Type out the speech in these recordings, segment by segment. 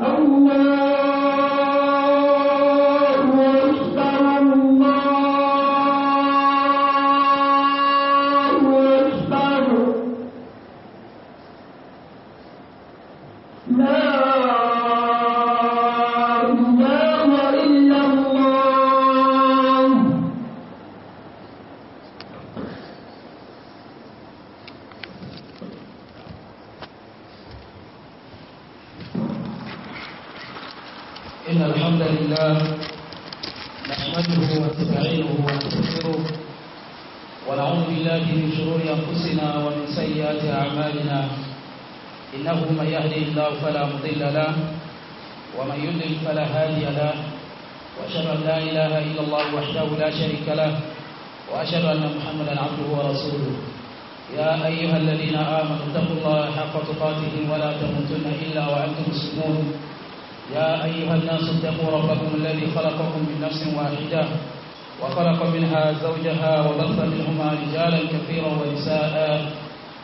الله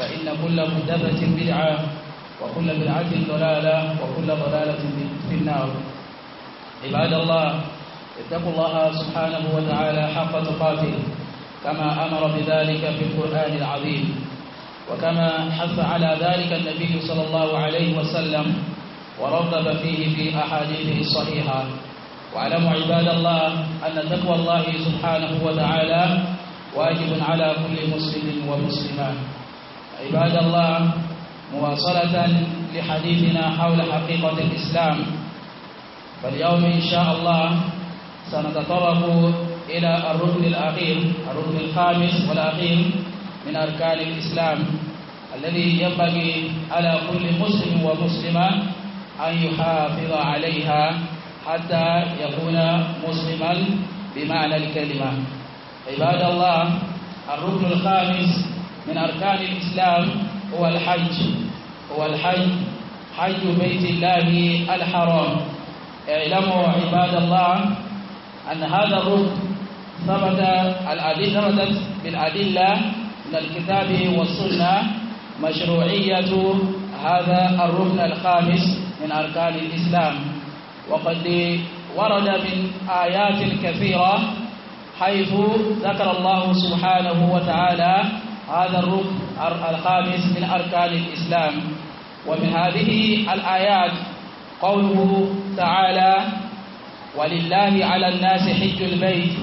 فإن كل محدثة بدعة وكل بدعة ضلالة وكل ضلالة في النار عباد الله اتقوا الله سبحانه وتعالى حق تقاته كما أمر بذلك في القرآن العظيم وكما حث على ذلك النبي صلى الله عليه وسلم ورغب فيه في أحاديثه الصحيحة واعلموا عباد الله أن تقوى الله سبحانه وتعالى واجب على كل مسلم ومسلمان عباد الله مواصلة لحديثنا حول حقيقة الإسلام فاليوم إن شاء الله سنتطرق إلى الركن الأخير الركن الخامس والأخير من أركان الإسلام الذي ينبغي على كل مسلم ومسلمة أن يحافظ عليها حتى يكون مسلما بمعنى الكلمة عباد الله الركن الخامس من أركان الإسلام هو الحج هو الحج حج بيت الله الحرام اعلموا عباد الله أن هذا الركن ثبت الأدلة ثبتت بالأدلة من الكتاب والسنة مشروعية هذا الركن الخامس من أركان الإسلام وقد ورد من آيات كثيرة حيث ذكر الله سبحانه وتعالى هذا الركن الخامس من أركان الإسلام ومن هذه الآيات قوله تعالى ولله على الناس حج البيت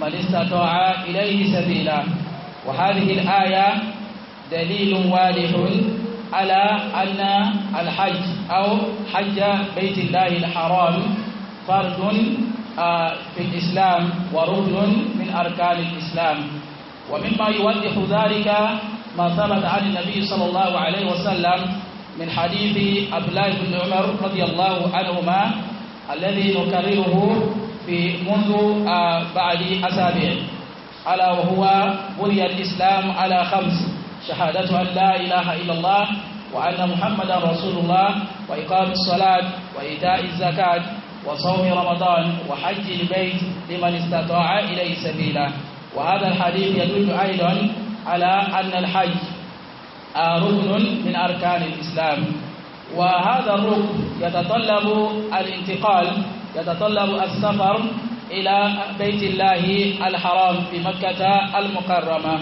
من استطاع إليه سبيلا وهذه الآية دليل واضح على أن الحج أو حج بيت الله الحرام فرد آه، في الإسلام وركن من أركان الإسلام ومما يوضح ذلك ما ثبت عن النبي صلى الله عليه وسلم من حديث عبد الله بن عمر رضي الله عنهما الذي نكرره في منذ آه، بعد أسابيع ألا وهو بني الإسلام على خمس شهادة أن لا إله إلا الله وأن محمدا رسول الله وإقام الصلاة وإيتاء الزكاة وصوم رمضان وحج البيت لمن استطاع إليه سبيلا وهذا الحديث يدل أيضا على أن الحج آه، ركن من أركان الإسلام وهذا الركن يتطلب الانتقال يتطلب السفر إلى بيت الله الحرام في مكة المكرمة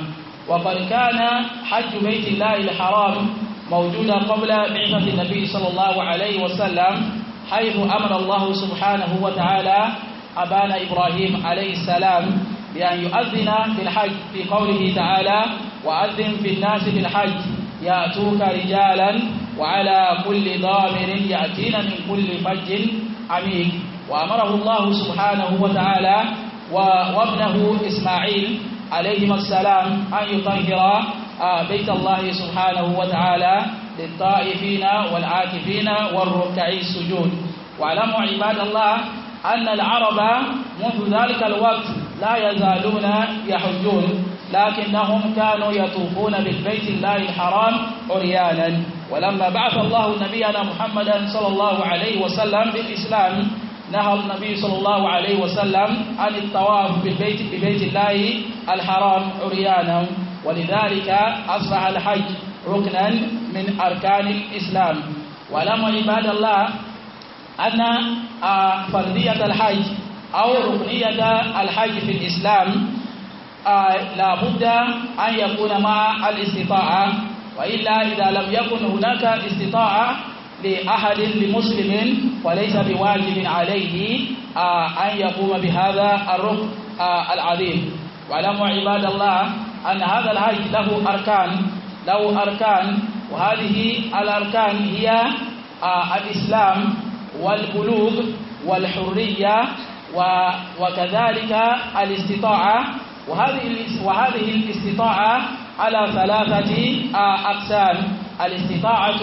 وقد كان حج بيت الله الحرام موجودا قبل بعثة النبي صلى الله عليه وسلم حيث أمر الله سبحانه وتعالى أبان إبراهيم عليه السلام بأن يؤذن في الحج في قوله تعالى وأذن في الناس بالحج يأتوك رجالا وعلى كل ضامر يأتين من كل فج عميق وأمره الله سبحانه وتعالى وابنه إسماعيل عليهما السلام أن يطهر آه، بيت الله سبحانه وتعالى للطائفين والعاكفين والركعي السجود واعلموا عباد الله أن العرب منذ ذلك الوقت لا يزالون يحجون لكنهم كانوا يطوفون بالبيت الله الحرام عريانا ولما بعث الله نبينا محمدا صلى الله عليه وسلم بالإسلام نهى النبي صلى الله عليه وسلم عن الطواف بالبيت ببيت الله الحرام عريانا ولذلك أصبح الحج ركنا من أركان الإسلام ولم عباد الله أن آه، فردية الحج أو ركنية الحج في الإسلام آه، لا بد أن يكون مع الاستطاعة وإلا إذا لم يكن هناك استطاعة لأحد لمسلم وليس بواجب عليه آه، أن يقوم بهذا الركن آه، العظيم واعلموا عباد الله أن هذا الحج له أركان له أركان وهذه الأركان هي الإسلام والبلوغ والحرية وكذلك الاستطاعة وهذه وهذه الاستطاعة على ثلاثة آه، أقسام الاستطاعة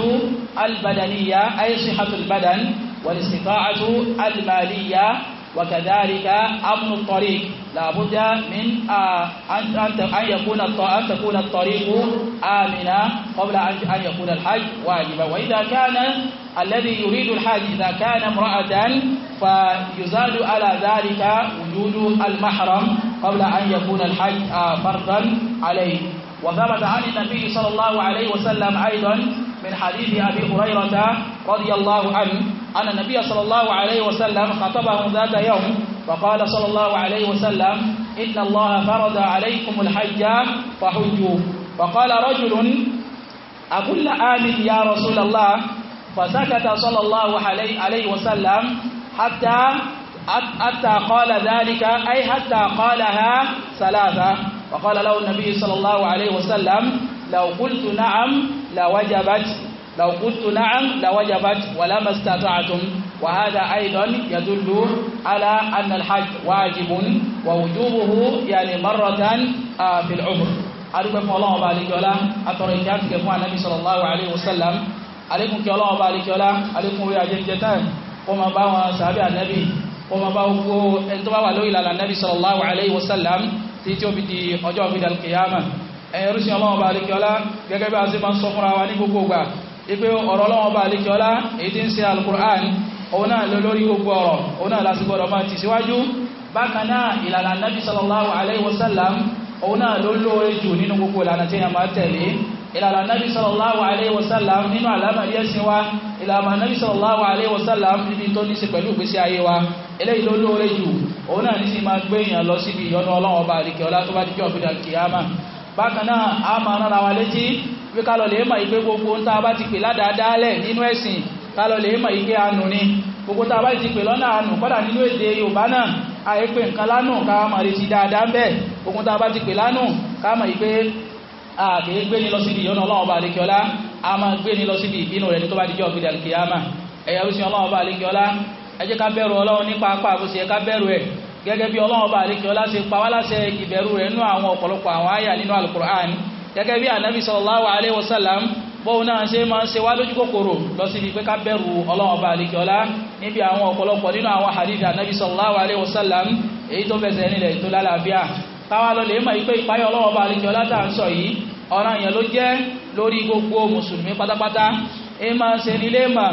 البدنية أي صحة البدن والاستطاعة المالية وكذلك أمن الطريق لابد من آه، أن أن يكون أن تكون الطريق آمنا قبل أن يكون الحج واجبا وإذا كان الذي يريد الحج إذا كان امرأة فيزاد على ذلك وجود المحرم قبل أن يكون الحج آه، فرضا عليه وثبت عن النبي صلى الله عليه وسلم أيضا من حديث أبي هريرة رضي الله عنه أن النبي صلى الله عليه وسلم خطبهم ذات يوم فقال صلى الله عليه وسلم إن الله فرض عليكم الحج فحجوا فقال رجل أقول آمن يا رسول الله فسكت صلى الله عليه وسلم hatta hatta qala dhalika ay hatta qalaha salasa wa qala lahu an-nabi sallallahu alayhi wa sallam law qultu na'am la wajabat law qultu na'am la wajabat wa la mastata'tum وهذا أيضا يدل على أن الحج واجب ووجوبه يعني مرة في العمر أدوك فالله بالك ولا أترى إجابتك مع النبي صلى الله عليه وسلم عليكم كي الله بالك ولا عليكم يا جنجتان kó máa bá wọn sàbí ànábì kó máa bá gbogbo ẹni tó bá wà lórí ìlànà ànábì sallallahu alayhi wa sallam tí tí ó fi di ọjọ́ òfin dàlùkìyàmà ẹ̀yìn rúṣin ọlọ́wọ́n bá alikiola gẹ́gẹ́ bí a ṣe máa ń sọ fúnra wa ní gbogbo ìgbà ipe ọ̀rọ̀ ọlọ́wọ́n bá alikiola èyí tí ń ṣe alukur'an ìlànà anábì sallallahu alayhi wa sallam nínú àlámàrí ẹ̀sìn wa ìlànà anábì sallallahu alayhi wa sallam níbi tó ní ṣe pẹ̀lú ìgbésí ayé wa eléyìí ló lóore jù òun náà ní sì máa gbé èèyàn lọ síbi ìyọnu ọlọ́run ọba àríkẹ́ ọlá tó bá dijọ́ òfin kìyàmà bákan náà a máa rán ara wa létí pé ká lọ lè mọ̀ ìpé gbogbo ń tá a bá ti pè ládàádáálẹ̀ nínú ẹ̀sìn ká lọ lè mọ̀ ìpé lánù ká ìpé àkèé gbé ní lọ síbi ìyọ́nà ọlọ́run ọba àlekíọ́lá a máa gbé ní lọ síbi ìbínú rẹ̀ ní tó bá dijọ́ ògbé dàlùkìyàmà ẹ̀yà orísun ọlọ́run ọba àlekíọ́lá ẹ jẹ́ ká bẹ̀rù ọlọ́run nípa apá àbòsí ẹ ká bẹ̀rù ẹ̀ gẹ́gẹ́ bí ọlọ́run ọba àlekíọ́lá ṣe pa wá láṣẹ ìbẹ̀rù rẹ̀ nínú àwọn ọ̀pọ̀lọpọ̀ àwọn àyà nínú alukur'an gẹ́gẹ́ bí anabi sallallahu alayhi wa sallam bóun náà ṣe máa ń ṣe wá lójú táwa lọ lè mọ̀ pé ìpáyọ̀ ọlọ́wọ́ bá àlejò látà ń sọ yìí ọ̀ràn yẹn ló jẹ́ lórí gbogbo mùsùlùmí pátápátá ẹ máa ṣe nílé mọ̀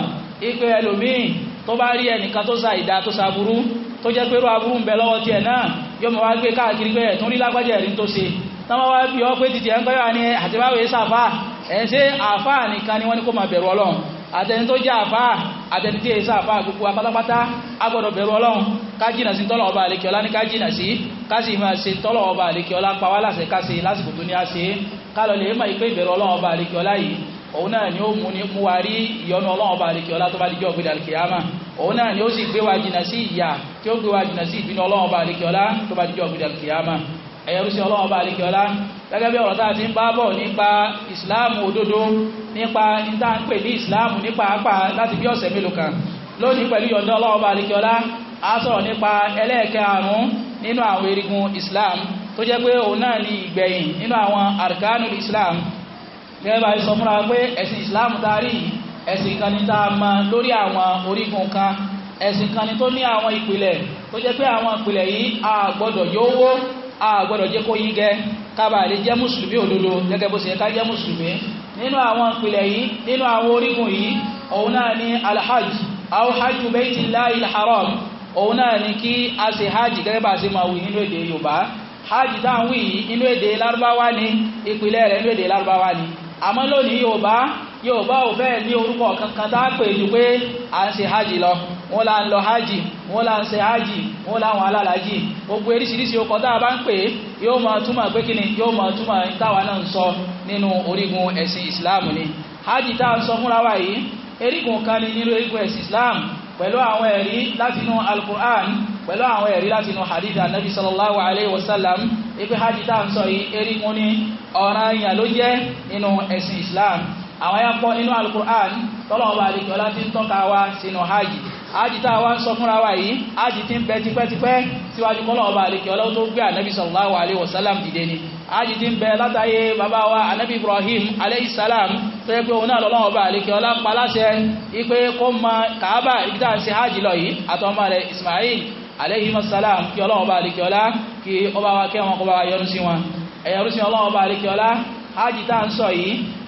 ipe ẹlòmíì tó bá rí ẹnìkan tó sa ìdá tó sa burú tó jẹ́ pé irú aburú ń bẹ lọ́wọ́ tiẹ̀ náà yóò mọ̀ gbé káàkiri pé ẹ̀tún rí lágbájá ni àtibáwé sàfà ẹ̀ àtẹni tó jẹ́ àfá àtẹni tí èsà àfá gbogbo apátápátá agbọ́dọ̀ bẹ̀rù ọlọ́run kájìnà sí tọ́lọ̀ ọba àlékiọlá ní kájìnà sí kásì máa ṣe tọ́lọ̀ ọba àlékiọlá pawá láṣẹ lásìkò tó ní a ṣe kálọ̀ lè máa pé ìbẹ̀rù ọlọ́run ọba àlékiọlá yìí òun náà ni ó mú ni mú wa rí ìyọnu ọlọ́run ọba àlékiọlá tó bá di jọ́ ògbédà kìámà òun náà ni ó sì gbé wa jìnà sí ìyà tí ó gbé wa jìnà sí ìbínú ọlọ́run ọba àlékiọlá tó bá di jọ́ ògbédà kìámà ẹ̀yẹrú sí ọlọ́wọ́ bá àlekíọ́lá gẹ́gẹ́ bí ọ̀rọ̀ tá a ti ń bá bọ̀ nípa ìsìláàmù òdodo nípa níta ń pè ní ìsìláàmù nípa apá láti bí ọ̀sẹ̀ mélòó kan lónìí pẹ̀lú yọ̀ǹda ọlọ́wọ́ bá àlekíọ́lá a sọ̀rọ̀ nípa ẹlẹ́ẹ̀kẹrùn-ún nínú àwọn erigun ìsìláàmù tó jẹ́ pé òun náà ni ìgbẹ̀yìn nínú àwọn àrkánù ìsìláàmù gẹ́gẹ́ bá sọ fúnra pé ẹ̀sìn ìsìláàmù tá a rí ẹ̀sìn kan ní tá a mọ lórí àwọn orígun kan ẹ̀sìn kan ní tó ní àwọn ìpìlẹ̀ tó jẹ́ pé àwọn ìpìlẹ̀ yìí a gbọ́dọ̀ yówó a gbọ́dọ̀ jẹ́ kó yí gẹ́ kábàá lè jẹ́ mùsùlùmí òdodo gẹ́gẹ́ bó ṣe ká jẹ́ mùsùlùmí nínú àwọn ìpìlẹ̀ yìí nínú àwọn orígun yìí òun náà ni alhaj aw hajj bayti lahil haram òun náà ni kí a ṣe hajj gẹ́gẹ́ bá ṣe máa wí nínú èdè yorùbá ni ìpìlẹ̀ yóò bá ò fẹ́ ní orúkọ kankan tá a pè jù pé à ń ṣe hajj lọ wọn là ń lọ hajj wọn là ń ṣe hajj wọn làwọn alálàájì gbogbo eríṣiríṣi ọkọ̀ tá a bá ń pè yóò máa túmọ̀ pé kí ni yóò máa túmọ̀ táwa náà ń sọ nínú orígun ẹ̀sìn Islam ni hajj tá a ń sọ fúnra wa yìí erígun kan ni nínú erígun ẹ̀sìn Islam pẹ̀lú àwọn ẹ̀rí látinú Al-Qur'an pẹ̀lú àwọn ẹ̀rí látinú hadith anabi sallallahu alayhi wa sallam ipe hajj tá a ń sọ yìí erígun ni ọ̀ranyàn ló jẹ́ nínú ẹ̀sìn Islam àwọn ya pọ̀ nínú alukur'an tọ́lọ̀wọ́ àdìkì ọlá tí ń tọ́ka wa sínú hajj hajj tá a wá ń sọ fúnra wa yìí hajj ti ń bẹ tipẹ́tipẹ́ síwájú kọ́lọ̀wọ́ àdìkì ọlá tó gbé ànábì sallallahu alaihi wasallam dìde ni hajj ti ń bẹ látàyé bàbá wa ànábì ibrahim alayhi salam tó yẹ pé òun náà lọ́lọ́wọ́ àdìkì ọlá paláṣẹ ipe kó ma kàábà ibi tá a ń ṣe hajj lọ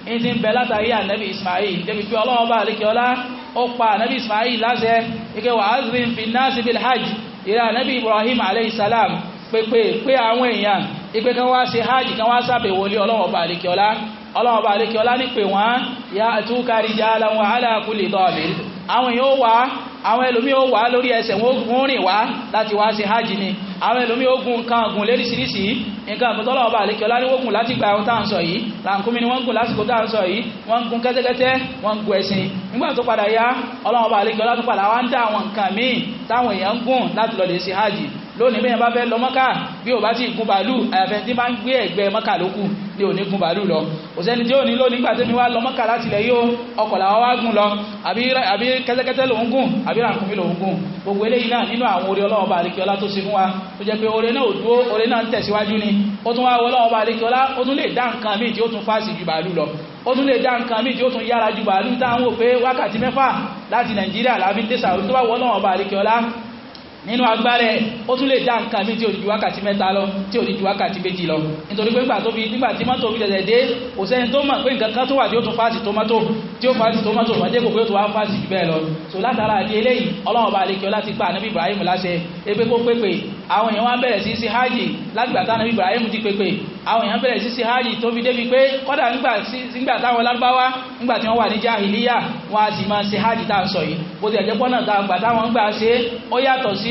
ń ti ń bẹ látàrí ànábì Ismail débi pé ọlọ́wọ́ bá àlékè ọlá ó pa ànábì Ismail láṣẹ ike wa azrin fi nasi bil hajj ìrẹ ànábì Ibrahim alayhi salam pépè pé àwọn èèyàn ipe kan wá ṣe hajj kan wá ṣàbẹ̀wò lé ọlọ́wọ́ bá àlékè ọlá ọlọ́wọ́ bá àlékè ọlá ní pè wọ́n ya'tuka rijalan wa ala kulli damir àwọn èèyàn ó wá àwọn ẹlòmí ó wá lórí ẹsẹ̀ wọn ó gùn rìn wá láti wá ṣe hajj ni àwọn ẹlòmí ó gùn nǹkan ọ̀gùn léríṣiríṣi nǹkan ọ̀gùn tọ́lọ̀ ọba àlekẹ́ ọláníwógùn láti gba ohun ń sọ yìí làǹkúmi ni wọ́n ń gùn lásìkò tá à ń sọ yìí wọ́n ń gun kẹ́tẹ́kẹ́tẹ́ wọ́n ń gun ẹṣin nígbà tó padà yá ọlọ́run ọba àlekẹ́ ọlá tó padà wá ń dá àwọn nǹkan míì táwọn èèyàn gùn láti lọ lè ṣe hajj lónìí bẹ́ẹ̀ bá fẹ́ lọ mọ́kà bí ò bá sì gun bàálù àyàfẹ́ tí bá ń gbé ẹ̀gbẹ́ mọ́kà lókù ní òní gun bàálù lọ kò sẹ́ni tí ó ní lónìí gbà tẹ́mi wá lọ mọ́kà láti ilẹ̀ yóò ọkọ̀ làwọn wá gùn lọ àbí kẹ́tẹ́kẹ́tẹ́ lòún gùn àbí ràǹkùnmí lòún gùn gbogbo eléyìí náà nínú àwọn oore ọlọ́wọ́ bá àríkẹ́ ọlá tó ṣe fún wa tó jẹ́ pé oore náà ò dúró oore náà ń tẹ̀síwájú ni ó tún wá wọlọ́wọ́ bá àríkẹ́ ó tún lè dá nǹkan míì tí ó tún fásì ju bàálù lọ ó tún lè dá nǹkan míì tí ó tún yára ju bàálù táwọn ò pé wákàtí mẹ́fà láti nàìjíríà láfi dé sàwọn tó bá wọlọ́wọ́ bá àríkẹ́ nínú agbára ẹ̀ ó tún lè dá nǹkan mi tí ò ní ju wákàtí mẹ́ta lọ tí ò ní ju wákàtí méjì lọ nítorí pé nígbà tí mọ́tò fi tẹ̀tẹ̀ dé kò sẹ́ni tó mọ̀ pé nǹkan kan tó wà tí ó tún fáàsì tómátò tí ó fáàsì tómátò fàdé kò pé ó tún wá fáàsì jù bẹ́ẹ̀ lọ so látara àti eléyìí ọlọ́run bá alekẹ́ láti pa ànábì Ibrahim láṣẹ ebé kó pépè àwọn èèyàn wá bẹ̀rẹ̀ sí sí hajj lágbà tá ànábì Ibrahim ti pépè àwọn èèyàn bẹ̀rẹ̀ sí sí hajj tó fi débi pé kọ́dà nígbà táwọn lárúbáwá nígbà tí wọ́n wà ní jahiliya wọn a sì máa ṣe hajj tá à sọ yìí bó ti ẹ̀jẹ̀ pọ́nà tá àgbà táwọn gbà ṣe ó yàtọ̀ sí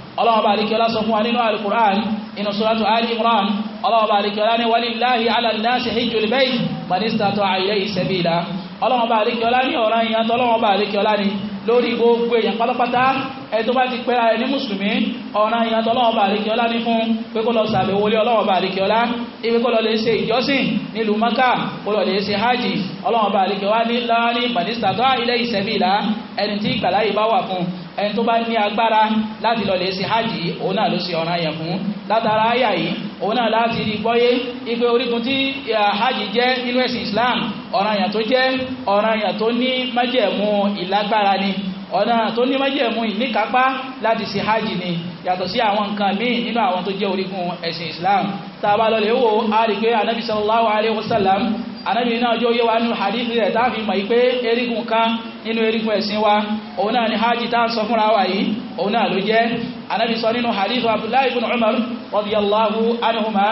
ọlọ́wọ́ bá alikẹ́ lásọ fún wa nínú alukur'an inú suratu ali imran ọlọ́wọ́ bá alikẹ́ lá ní walillahi ala nnasi hijjul bayt man istata'a ilayhi sabila ọlọ́wọ́ bá alikẹ́ lá ní ọ̀ràn ìyàtọ̀ ní lórí gbogbo èèyàn pátápátá ẹni tó bá ti pẹ́ra ẹni mùsùlùmí ọ̀nà ìyàtọ̀ ọlọ́wọ́ bá àríkẹ́ ọlá ní fún pé kó lọ sàbẹ̀wò lé ọlọ́wọ́ bá àríkẹ́ ọlá ibi kó lọ lè ṣe ìjọsìn nílùú maka kó lọ lè ṣe hajj ọlọ́wọ́ bá àríkẹ́ wá ní láàrin bàdísítà tó ilé ìṣẹ́bí ìlà ẹni tí ìgbàláyè bá wà fún ẹni tó bá ní agbára láti lọ lè ṣe hajj òun náà ló ṣe ọ̀nà yẹn fún látara àyà yìí òun náà láti rí gbọ́yé ipe orígun tí hajj jẹ́ nínú ẹ̀sìn Islam ọ̀ranyàn tó jẹ́ ọ̀ranyàn tó ní májẹ̀mú ìlágbára ni ọ̀nà tó ní májẹ̀mú ní kápá láti ṣe hajj ni yàtọ̀ sí àwọn nǹkan míì nínú àwọn tó jẹ́ orígun ẹ̀sìn islam tá a bá lọ lè wò á rí pé anabi sallallahu sallam anabi náà jẹ́ oyé wa nínú hadith rẹ̀ tá a fi mọ̀ pé erigun kan nínú erigun ẹ̀sìn wa òun náà ni hajj tá a sọ wa yìí òun umar radiyallahu anhuma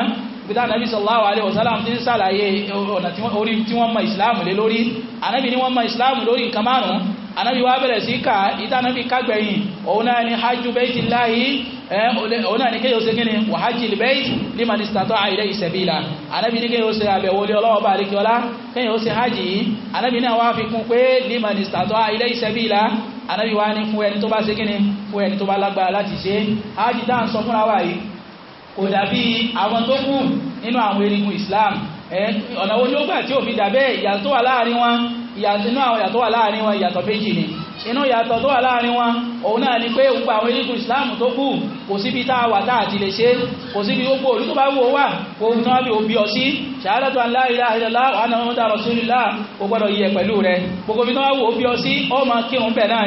bíta nàbí sallallahu alaihi wasallam tí ń sàlàyé ọ̀nà tí wọ́n mọ̀ ìsìláàmù lé lórí anábì ní wọ́n mọ̀ ìsìláàmù lórí nǹkan márùn-ún anabi wa bẹ̀rẹ̀ sí ká ìta anabi kágbẹ̀yìn òun náà ni hajju baiti láyé òun náà ni kéyò sí kíni wà hajji libẹ́yì ní manistatọ́ àìlẹ́ ìsẹ̀bílà anabi ní kéyò sí àbẹ̀wò lé ọlọ́wọ́ bá àríkíọlá kéyò sí hajji yìí anabi náà wá fi kún pé ní manistatọ́ àìlẹ́ ìsẹ̀bílà anabi wa ní fún ẹni tó bá sí kíni fún ẹni tó bá lágbára láti ṣe hajji dáhùn sọ fúnra wa yìí kò dàbí àwọn tó kù nínú àwọn erigun Islam ọ̀nà wo ni ó gbà tí òfin dàbẹ́ ìyàtọ̀ wà láàrin wọn inú àwọn ìyàtọ̀ wà láàrin wọn ìyàtọ̀ méjì ni inú ìyàtọ̀ tó wà láàrin wọn òun náà ni pé gbogbo àwọn elétò ìsìláàmù tó kù kò síbi tá a wà tá ti lè ṣe kò síbi ó wà kò tán la ilaha rasulullah kò gbọdọ̀ yẹ pẹ̀lú rẹ gbogbo bí tán wá wù ó bí ọ sí ọ máa kí òun bẹ̀ náà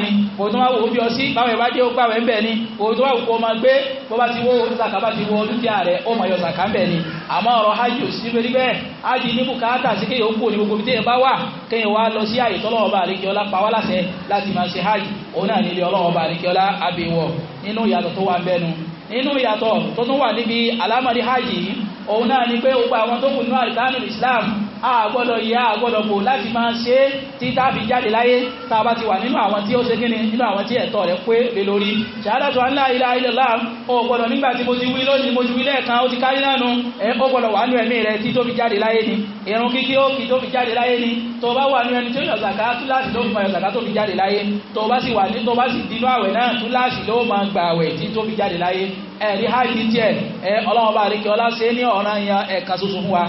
ni kò àmọ́ ọ̀rọ̀ hajj ò sí níbẹ̀ níbẹ̀ hajj ní bùkátà sí kéèyàn ó kú ní gbogbo tẹ́yìn bá wà kéèyàn wá lọ sí àyè tọ́lọ́wọ́ bá àríkẹ́ ọlá pa wá láṣẹ láti máa ṣe hajj òun náà nílé ọlọ́wọ́ bá àríkẹ́ ọlá abẹ́wọ̀ nínú ìyàtọ̀ tó wà bẹ́nu nínú ìyàtọ̀ tó tún wà níbi alámọ̀rí hajj yìí òun náà ni pé gbogbo àwọn tó kù nínú àríkánù Islam a gbọ́dọ̀ yẹ a gbọ́dọ̀ bò láti máa ṣe é tí táàfi jáde láyé tá a bá ti wà nínú àwọn tí ó ṣe kíni nínú àwọn tí ẹ̀tọ́ rẹ̀ pé lè lórí ṣàádàtò la ilaha illallah o gbọ́dọ̀ nígbà tí mo ti wí ni ìrun kíkí ó kì tó ni tó bá wà nínú ẹni tí ó yọ zàká túláàsì ló fi máa yọ zàká tó fi jáde láyé tó bá sì wà ní tó bá sì dínú àwẹ̀ náà túláàsì ló máa gbà ẹ̀rí hajj tiẹ̀ ẹ bá rí kí ọlá ṣe ní ọ̀ranyàn ẹ̀kan ṣoṣo fún wa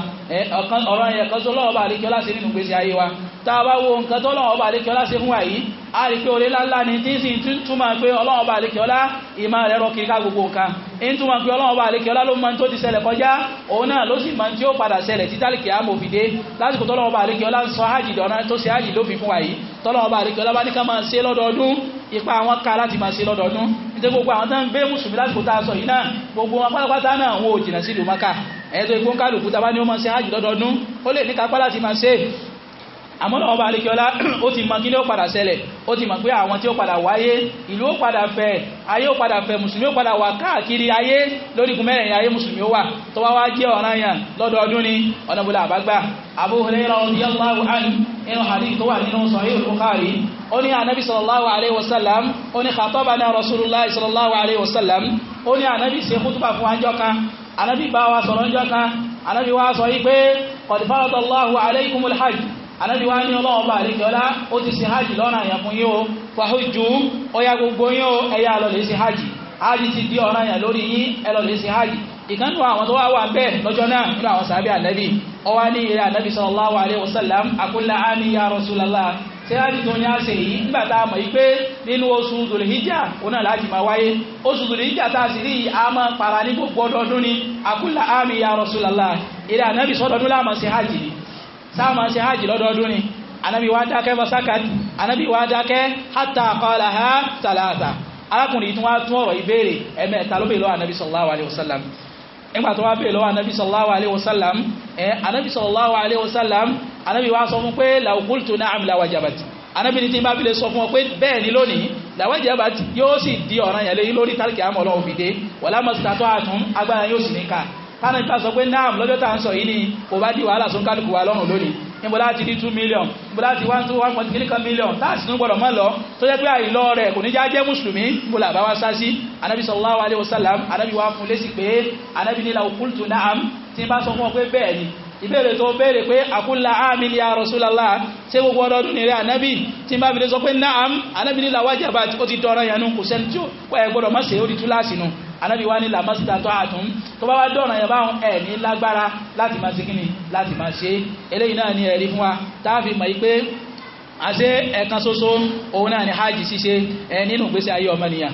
ọ̀ranyàn ẹ̀kan ṣoṣo lọ́wọ́ bá àlékiọlá ṣe nínú gbèsè ayé wa tá a bá wo nǹkan tó lọ́wọ́ bá àlékiọlá ṣe fún wa yìí a rí pé orí ńláńlá ni tí sì ń túmọ̀ pé ọlọ́wọ́ bá àlékiọlá ìmọ̀ rẹ̀ rọ kiri ká gbogbo nǹkan ń túmọ̀ pé ọlọ́wọ́ bá àlékiọlá ló mọ tó ti ṣẹlẹ̀ kọjá òun náà ló sì mọ tí ó padà ṣẹlẹ̀ tí tálíkì amòfìdé lásìkò tọ́lọ́wọ́ bá àlékiọlá ń sọ ájì dọ̀nà tó ṣe ájì lófin fún wa yìí tọ́lọ́wọ́ bá àlékiọlá bá ní ká máa ṣe lọ́dọọdún ipa àwọn ká láti máa ṣe lọ́dọọdún ṣe gbogbo àwọn tán ń gbé mùsùlùmí lásìkò tá a sọ yìí náà gbogbo wọn pátápátá náà wọn ò jìnà sí ìlú maka ẹ̀yẹ́ tó ikú ń ní ó máa ṣe hajj lọ́dọọdún ó lè ní kápá láti máa ṣe àmọ́nà ọba alékiọlá ó ti mọ̀ kí ní ó padà ṣẹlẹ̀ ó ti mọ̀ pé àwọn tí ó padà wáyé ìlú ó padà fẹ̀ ayé ó padà fẹ̀ mùsùlùmí ó padà wà káàkiri ayé lórígun mẹ́rin ayé mùsùlùmí ó wà tó wá wá jẹ́ ọ̀ràn yàn lọ́dọọdún ni ọ̀nà bùlà àbágbà Abu Hurairah radiyallahu anhu inú hadith tó wà nínú Sahih Bukhari ó ní ànábì sallallahu alaihi wasallam ó ní khatabana rasulullah sallallahu alaihi wasallam ó ní ànábì ṣe kútùbà wa sọ̀rọ̀ ń kan ànábì wa sọ yí pé qad farada Allahu hajj anábì wá ní ọlọ́wọ́ bá àríkẹ́ ọlá ó ti ṣe hajj lọ́nà àyàn fún yín o fàhójú ọya gbogbo yín o ẹ̀yà lọ́lẹ̀ ṣe hajj hajj ti di ọ̀ràn àyàn lórí yín ẹlọ́lẹ̀ ṣe hajj ìkànnì àwọn tó wá wà bẹ́ẹ̀ lọ́jọ́ náà nínú àwọn sàábì ànábì ọwá ní ilé ànábì sallallahu alaihi wasallam aqulla àmì ya Rasulullah ṣé hajj tó ní àṣẹ yìí nígbà tá a mọ̀ yìí pé nínú oṣù Dhul-Hijja òun náà láti máa wáyé oṣù Dhul-Hijja tá a sì rí a máa para ní gbogbo ọdọọdún ni aqulla àmì ya Rasulullah ilé ànábì sọdọọdún láàmọ̀ ṣe hajj ni sáàmà ṣe hajj lọ́dọọdún ni anábì wá dákẹ́ fasakat anábì wá dákẹ́ hatta qalaha thalatha arákùnrin yìí tún wá tún ọ̀rọ̀ ìbéèrè ẹ̀mẹ́ta ló bèèrè lọ́wọ́ anábì sallallahu alayhi wa sallam nígbà tó wá bèèrè lọ́wọ́ anábì sallallahu alayhi wa sallam ẹ̀ anábì sallallahu alayhi wa sallam anábì wá sọ fún pé law qultu na'am lawajabat anábì ní tí n bá fi lè sọ fún ọ pé tánà ìta sọ pé náà lọ́jọ́ tá ń sọ yìí ni kò bá di wàhálà sún kálukú wa lọ́rùn lónìí níbo láti di two million níbo láti one two one point three kan million táàsì tún gbọdọ̀ mọ́ lọ tó jẹ́ pé àìlọ rẹ̀ kò ní já jẹ́ mùsùlùmí níbo làbá wa sá sí anabi sallallahu alayhi na'am tí n bá sọ fún ọ pé bẹ́ẹ̀ ni ìbéèrè tó Rasulullah ṣé gbogbo ọdọọdún ní rẹ ànábì tí na'am ànábì la wajabat ó ti dọ́ra yanu kò sẹ́ni tí ó gbọ́dọ̀ anábì wá ní làmásítà tó àtún tó bá wá dọ̀ràn yẹn báwọn ẹ̀ ní lágbára láti máa ṣe kíni láti máa ṣe eléyìí náà ní ẹ̀rí fún wa táàfi mọ̀ yí pé àṣé ẹ̀kan ṣoṣo òun náà ní hajj ṣíṣe ẹ̀ nínú ìgbésí ayé ọmọnìyàn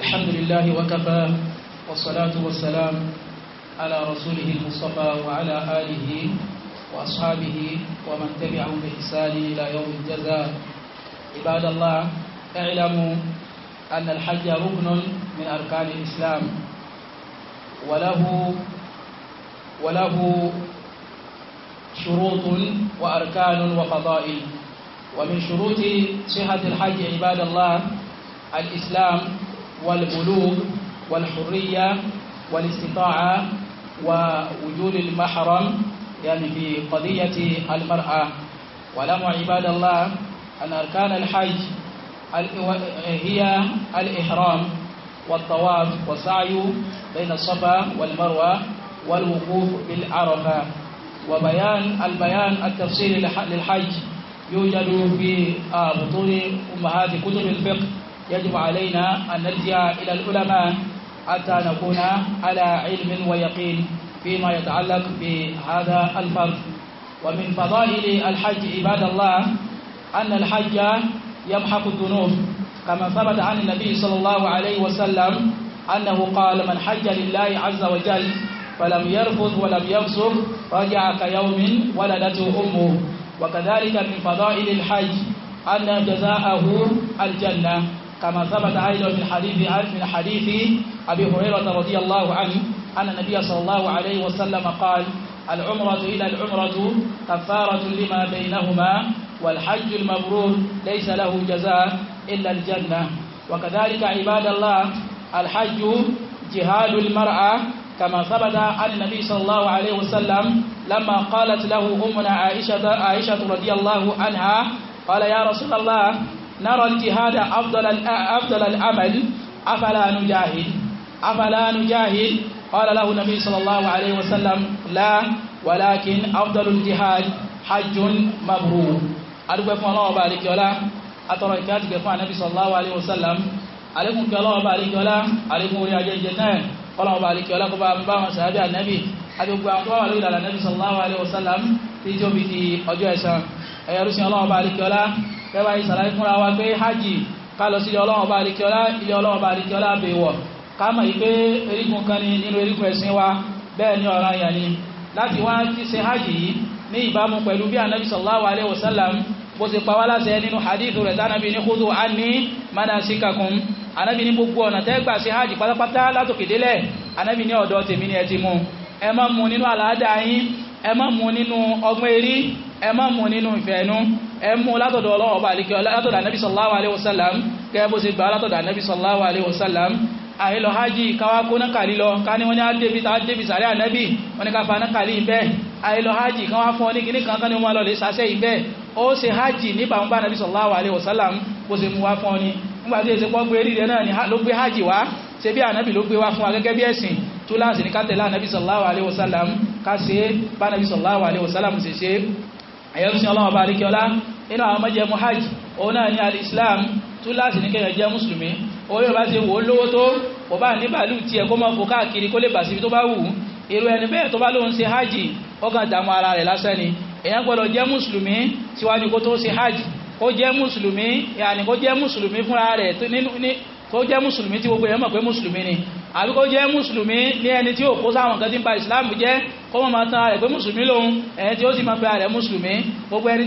الحمد لله وكفى والصلاة والسلام على رسوله المصطفى وعلى آله وأصحابه ومن تبعهم بإحسان إلى يوم الجزاء عباد الله اعلموا أن الحج ركن من أركان الإسلام وله وله شروط وأركان وفضائل ومن شروط صحة الحج عباد الله الإسلام والبلوغ والحرية والاستطاعة ووجود المحرم يعني في قضية المرأة ولم عباد الله أن أركان الحج هي الإحرام والطواف والسعي بين الصفا والمروة والوقوف بالعرفة وبيان البيان التفصيلي للحج يوجد في آه، بطون أمهات كتب الفقه يجب علينا أن نلجأ إلى العلماء حتى نكون على علم ويقين فيما يتعلق بهذا الفرض ومن فضائل الحج عباد الله أن الحج يمحق الذنوب كما ثبت عن النبي صلى الله عليه وسلم أنه قال من حج لله عز وجل فلم يرفض ولم يفسق رجع كيوم ولدته أمه وكذلك من فضائل الحج أن جزاءه الجنة كما ثبت أيضا من حديث من حديث أبي هريرة رضي الله عنه أن النبي صلى الله عليه وسلم قال العمرة إلى العمرة كفارة لما بينهما والحج المبرور ليس له جزاء إلا الجنة وكذلك عباد الله الحج جهاد المرأة كما ثبت عن النبي صلى الله عليه وسلم لما قالت له أمنا عائشة, عائشة رضي الله عنها قال يا رسول الله نرى الجهاد أفضل, أفضل العمل أفلا نجاهد أفلا نجاهد قال له النبي صلى الله عليه وسلم لا ولكن أفضل الجهاد حج مبرور adúgbò fún ọlọ́wọ́ bá àríkíọ́lá atọ́rọ̀ ìkẹ́ àtìgbẹ̀ fún ànábì sallallahu alaihi wasallam àríkún kí ọlọ́wọ́ bá àríkíọ́lá àríkún orí ajé jẹ náà ọlọ́wọ́ bá àríkíọ́lá kó bá bá wọn sàábì ànábì àdúgbò àwọn tó wà lórí ìlànà ànábì sallallahu alaihi wasallam tí tí ó fi di ọjọ́ ẹ̀san ẹ̀yà rúṣin ọlọ́wọ́ bá àríkíọ́lá bẹ́ẹ̀ bá yìí sàlàyé fúnra wa pé hajj ká lọ sí ilé ọlọ́wọ́ bá àríkíọ́lá ilé ọlọ́wọ́ bá àríkíọ́lá bèèwọ̀ kama yìí pé erigun kan ni nínú erigun ẹ̀sìn wa bẹ́ẹ̀ ni ọ̀ràn yẹn ni láti wá ti ṣe hajj yìí ní ìbámu pẹ̀lú bí anabi sallallahu alayhi wa sallam bó ṣe pa wá láṣẹ nínú hadithu rẹ̀ tánàbí ní khudhu anni manasikakum anabi ní gbogbo ọ̀nà tẹ́gbà ṣe hajj pátápátá látòkè délẹ̀ anabi ní ọ̀dọ̀ tèmi ni ẹ ti mú ẹ má mú nínú àlàáda yín ẹ má mú nínú ọgbọ́n eré ẹ má mú nínú ìfẹ́nu ẹ mú látọ̀dọ̀ ọlọ́wọ́ bá àlekẹ́ látọ̀dọ̀ anabi sallallahu alayhi wa sallam àìlọ hajj káwá kó nákàlí lọ ká ní wọ́n ní àdébì sàárẹ́ ànábì wọ́n ní ká fa nákàlí bẹ́ẹ̀ àìlọ hajj káwá fún ọ ní kíní kan kan ní wọ́n lọ lè sàṣẹ́ yìí ó ṣe hajj nípa àwọn bá alaihi wasallam kó ṣe mú wá fún ọ ní nígbà tí èsì pọ́ gbé wa gẹ́gẹ́ bí ẹ̀sìn túláàsì ní ká tẹ̀lé ànábì alaihi wasallam ká ṣe bá nàbí sallallahu alaihi wasallam ṣe ṣe àyẹ̀wò sí ọlọ́wọ́ bá rí kí ọlá inú àwọn mọ́jẹ̀mú hajj òun náà ní al-islam túláàsì ní kẹ́yẹ̀ jẹ́ mùsùlùmí orí ọba ṣe wò ó lówó tó kò bá ní bàálù tiẹ̀ kó máa fò káàkiri kó lè bà síbi tó bá wù ú irú ẹni bẹ́ẹ̀ tó bá lóun ṣe hajj ọkàn dààmú ara rẹ̀ lásán ni èèyàn gbọ́dọ̀ jẹ́ mùsùlùmí síwájú kó tó ṣe hajj kó jẹ́ mùsùlùmí yàní kó jẹ́ mùsùlùmí fúnra rẹ̀ tó jẹ́ mùsùlùmí tí gbogbo èèyàn mọ̀ pé mùsùlùmí ni àbí kó jẹ́ mùsùlùmí ní ẹni tí ó kó sáwọn nǹkan tí ń ba ìsìláàmù jẹ́ kó mọ̀ máa tán rẹ̀ pé mùsùlùmí lòun ẹni tí ó sì máa pe ààrẹ mùsùlùmí gbogbo ẹni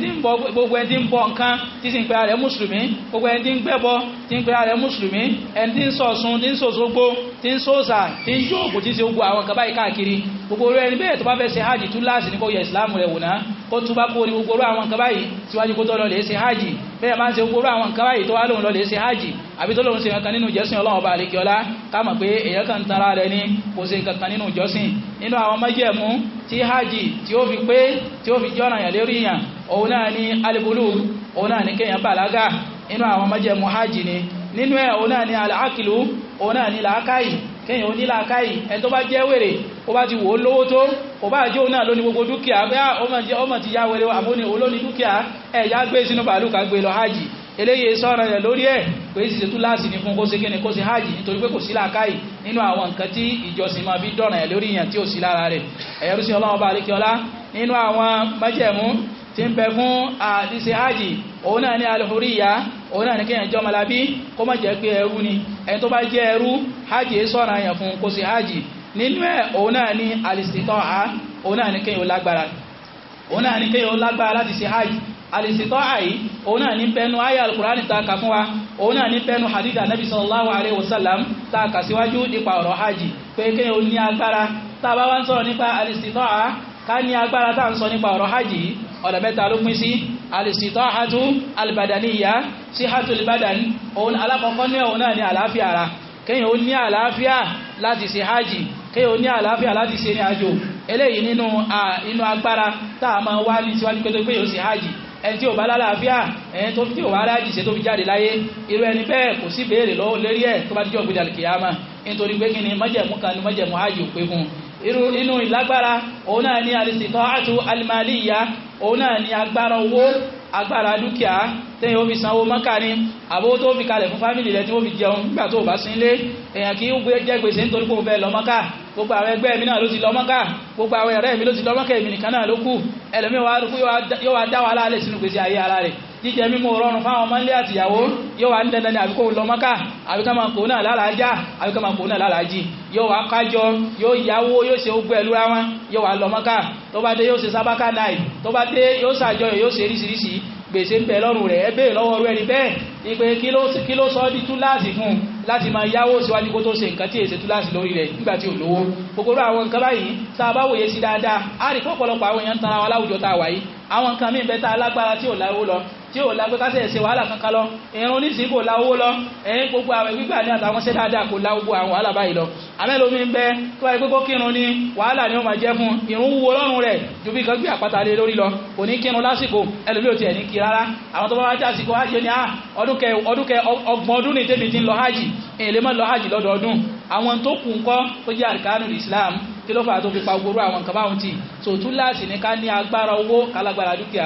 tí ń bọ nǹkan tí sì ń pe ààrẹ mùsùlùmí gbogbo ẹni tí ń gbẹ́bọ tí ń pe ààrẹ mùsùlùmí ẹni tí ń sọ̀sùn tí ń sòsógbó tí ń sòsà tí ń yóò kò tí ń ṣe gbogbo àwọn nǹkan báyìí káàkiri gbogbo ẹni bẹ́ẹ̀ tó bá fẹ́ ṣe hajj tú láàsì ní kó yẹ ìsìláàmù rẹ̀ wò náà kó túbá kó orí gbogbo àwọn nǹkan báyìí síwájú kó tó lọ lè ṣe hajj bẹ́ẹ̀ máa ń ṣe gbogbo àwọn nǹkan báyìí tó wá lóun lọ lè ṣe hajj àbí tó lóun ṣe nǹkan nínú ìjọsìn ọlọ́run ọba àlekíọ́lá ká mọ̀ pé èèyàn kan tara rẹ̀ ní kò ṣe nǹkan nínú ìjọsìn nínú àwọn májẹ̀mú tí hajj tí ó fi pé tí ó fi jọ́nà yàn lérí yàn òun náà ní alibulu òun náà ní kéèyàn bàlágà nínú àwọn májẹ̀mú hajj ni nínú ẹ̀ òun náà ní alákìlú òun náà ní làákàyè kéèyàn ó ní làákàyè ẹni tó bá jẹ́ wèrè ó bá ti wò ó lówó tó ó bá jẹ́ òun náà lóní gbogbo dúkìá bẹ́ẹ̀ ọmọ ti ya wèrè àbóni olóní dúkìá ẹ̀yà gbé sínú bàálù ká gbé lọ hájì eléyìí sọ̀rọ̀ yẹn lórí ẹ̀ pé ṣiṣẹ́ tú láàsì ní fún kó ṣe kíni kó ṣe hajj nítorí pé kò sí làákàyè nínú àwọn nǹkan tí ìjọsìn máa fi dọ̀ràn yẹn lórí yẹn tí ò sí lára rẹ̀ ẹ̀yẹ́ ọba àríkíọlá nínú àwọn májẹ̀mú ti ń bẹ fún hajj òun náà ní alhuriya òun náà ní kó má pé ẹrú ni ẹni tó bá jẹ́ ẹrú hajj yẹn fún kó ṣe hajj nínú ẹ̀ òun náà ní òun náà hajj alìsìtọ́ àyí òun náà ní pẹnu ayé alkùránì tààkà fún wa òun náà ní pẹnu hadith anabi sallallahu alaihi wasallam tààkà síwájú nípa ọ̀rọ̀ hajj pé kí o ní agbára tàbá wá ń sọ̀rọ̀ nípa alìsìtọ́ à ká ní agbára tá ń sọ nípa ọ̀rọ̀ hajj ọ̀nà mẹ́ta ló pín sí alìsìtọ́ hatu albadaniya sí hatu albadan òun alákọ̀ọ́kọ́ ní òun náà ní àlàáfíà ara kéyàn ó ní àlàáfíà láti ṣe hajj kéyàn ó ní àlàáfíà láti ṣe ní àjò eléyìí nínú agbára tá máa wá ní síwájú pé tó pé yóò ṣe hajj ẹni tí ò bá lálàáfíà ẹni tó tí ò bá rájì ṣe tó fi jáde láyé irú ẹni bẹ́ẹ̀ kò sí béèrè lọ́wọ́ lérí ẹ̀ tó bá dijọ́ gbé dàlùkìyàmà nítorí pé kí ni májẹ̀mú kan ni májẹ̀mú hajj ò pé inú ìlágbára òun náà ni al-istita'atu al-maliyya òun náà ni agbára owó agbára dúkìá tẹ́yìn ó fi sanwó mọ́kà ní àbó tó fi kalẹ̀ fún fámìlì rẹ̀ tí ó fi jẹun nígbà tó bá sínlé èèyàn kí ó jẹ́ gbèsè nítorí pé ó fẹ́ lọ mọ́kà gbogbo àwọn ẹgbẹ́ mi náà ló ti lọ gbogbo àwọn ẹ̀rẹ́ mi ló ti lọ mọ́kà nìkan náà ló kù ẹlòmíì yóò wá dá wàhálà lẹ̀ sínú gbèsè ayé ara rẹ̀ jíjẹ mímú rọrùn fáwọn ọmọ ilé àtìyàwó yóò wá ní dandan ní àbíkó lọ mọ́ká àbíká máa kó náà lálàájá àbíká máa kó náà lálàájì yóò wá kájọ yóò yáwó yóò ṣe ogun ẹ̀lú ra wọn yóò wá lọ mọ́ká tó bá dé yóò ṣe sábàkà náà tó bá dé yóò ṣàjọyọ̀ yóò ṣe ríṣiríṣi gbèsè ń bẹ lọ́rùn rẹ̀ ẹ béèrè lọ́wọ́ rẹ̀ rí bẹ́ẹ̀ ni pé kí ló sọ ọ́ di túláàsì fún un láti máa yáwó síwájú kó tó ṣe nǹkan tí èsè túláàsì lórí rẹ̀ nígbà tí ò lówó kòkòrò àwọn nǹkan báyìí tá a bá wòye sí dáadáa á rí pọ̀pọ̀lọpọ̀ àwọn èèyàn ń tara wa láwùjọ tá a wà àwọn nǹkan míì bẹ́ẹ̀ tá a lágbára tí ò láwó lọ tí ò la gbẹ́kásẹ̀ ẹ̀ṣẹ̀ wàhálà kankan lọ ìrún nísìnyí kò la owó lọ ẹ̀yìn gbogbo àwẹ̀ gbígbà ní àtàwọn ṣẹ́ dáadáa kò la gbogbo àwọn wàhálà báyìí lọ amẹ́lómi ń bẹ tó wáyé kókó kírun ni wàhálà ni ó máa jẹ́ fún ìrún wúwo lọ́rùn rẹ̀ ju bí kan gbé àpáta lé lórí lọ kò ní kírun lásìkò ẹlòmí ò tiẹ̀ ní kí rárá àwọn tó bá wá jásìkò hajj ni ah, ọdún kẹ ọdún kẹ ọgbọ̀n ọdún ní tèmi ti ń lọ hajj èlé mọ́ lọ hajj lọ́dọọdún àwọn tó kù ń kọ́ tó jẹ́ àríkánù Islam kí ló fà á tó fi pa gbogbo àwọn nǹkan báwọn tì tòótú láàsì ní ká ní agbára owó kálágbára dúkìá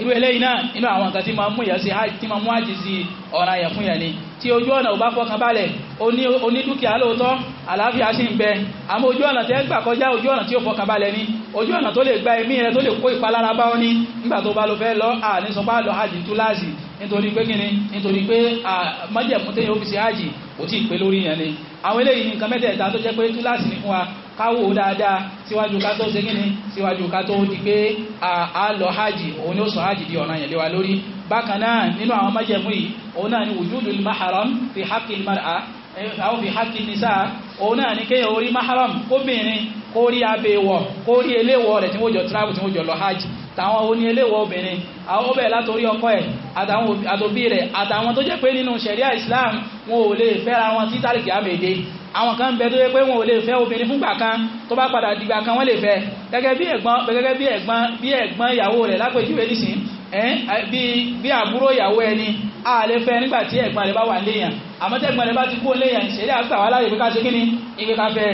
irú eléyìí náà inú àwọn nǹkan tí ma mú ìyàsí tí ma mú àjìsí ọ̀ràn àyẹ̀ fún ìyàní tí ojú ọ̀nà ò bá fọkàn balẹ̀ onídúkìá lóòótọ́ àlàáfíà sì ń bẹ àmọ́ ojú ọ̀nà tẹ́ gbà kọjá ojú ọ̀nà tí ó fọkàn balẹ̀ ni ojú ọ̀nà tó lè gba ẹ̀mí rẹ tó lè kó ìpalára bá ọ ní nígbà tó bá lo fẹ́ lọ àní sọ bá lọ àjì túláàsì nítorí pé kíni nítorí pé májẹ̀mú tẹ́yìn ó fi ṣe àjì kò tí ì pé lórí yẹn ni àwọn eléyìí nǹkan mẹ́tẹ̀ẹ̀ta tó jẹ́ pé káwò dáadáa síwájú ká tó ṣe kí ni síwájú ká tó di pé a lọ hajj òun ni ó sọ hajj di ọ̀ràn yẹn lé wa lórí bákan náà nínú àwọn májẹ̀mú yìí òun náà ni wujudul maharam fi haqqi al-mar'a àwọn fi haqqi nisa òun náà ni kéèyàn orí maharam kóbìnrin kó rí abẹ́wọ̀ kó rí eléwọ̀ rẹ̀ tí wọ́n jọ travel tí wọ́n jọ lọ hajj tàwọn oní eléwọ̀ obìnrin àwọn obẹ̀ látòrí ọkọ ẹ̀ àtàwọn àtòbí rẹ̀ àtàwọn tó jẹ́ pé nínú ṣẹ̀ríà Islam wọn ò lè fẹ́ra wọn sí tálíkì àwọn kan bẹ tó yẹ pé wọn ò lè fẹ́ obìnrin fúngbà kan tó bá padà dìgbà kan wọ́n lè fẹ́ gẹ́gẹ́ bí ẹ̀gbọ́n gẹ́gẹ́ bí ẹ̀gbọ́n bí ẹ̀gbọ́n ìyàwó rẹ̀ lápèjúwe nísìn bí àbúrò ìyàwó ẹni a lè fẹ́ nígbà tí ẹ̀gbọ́n rẹ̀ bá wà léèyàn àmọ́ tẹ́gbọ́n rẹ̀ bá ti kú léèyàn ìṣẹ̀lẹ̀ àgbà wà láyé ìgbéka ṣe kíni ìgbéka fẹ́